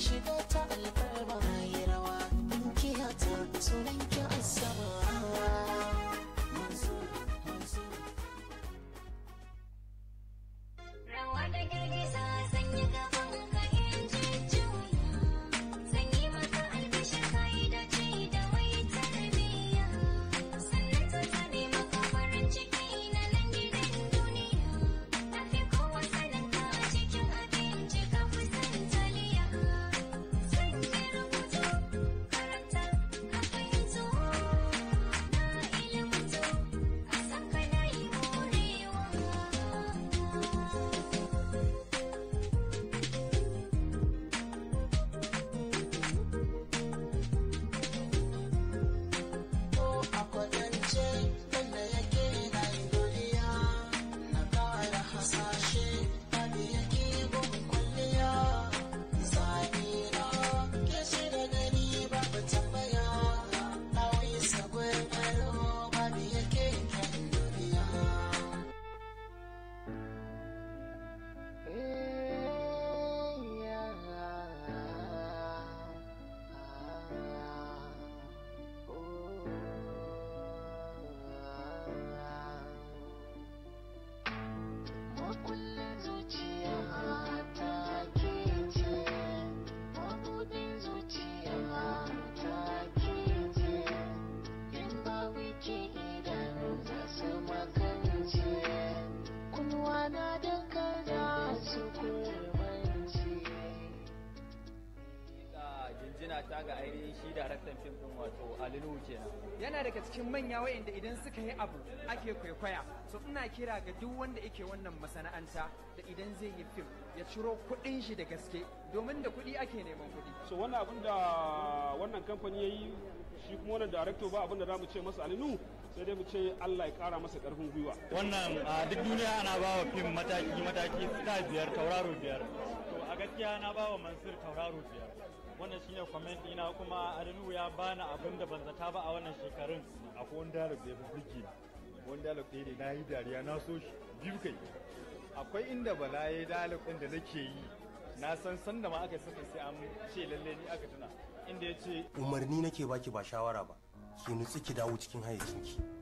shiga ta alfarma na yi rawa in kiyata sunan ki asaba ta ga ainihin shi daraktan fim din wato Alilu kenan yana daga cikin manya wayanda idan suka yi abu ake kwaikwaya so ina kira ga duk wanda yake wannan masana'anta da idan zai yi fim ya ciro kuɗin shi da gaske domin da kuɗi ake neman kuɗi so wannan abin da wannan kamfani ya yi shi kuma wannan director ba abin da za mu ce masa Alilu sai dai mu ce Allah ya kara masa karfin gwiwa wannan duk duniya ana ba wa fim mataki mataki star biyar tauraro biyar to a gaskiya na ba wa Mansur tauraro biyar wannan shine comment ina kuma Arinu ya bani abin da ban zata ba a wannan shekarun akwai wani dialogue da ya fi birki wani dialogue ɗaya da na yi dariya na so shi biyu kai akwai inda bala ya yi dialogue ɗin da nake yi na san san da ma aka saka sai an ce lalle ni aka tuna inda ya ce umarni nake baki ba shawara ba ki nutsi ki dawo cikin hayyacinki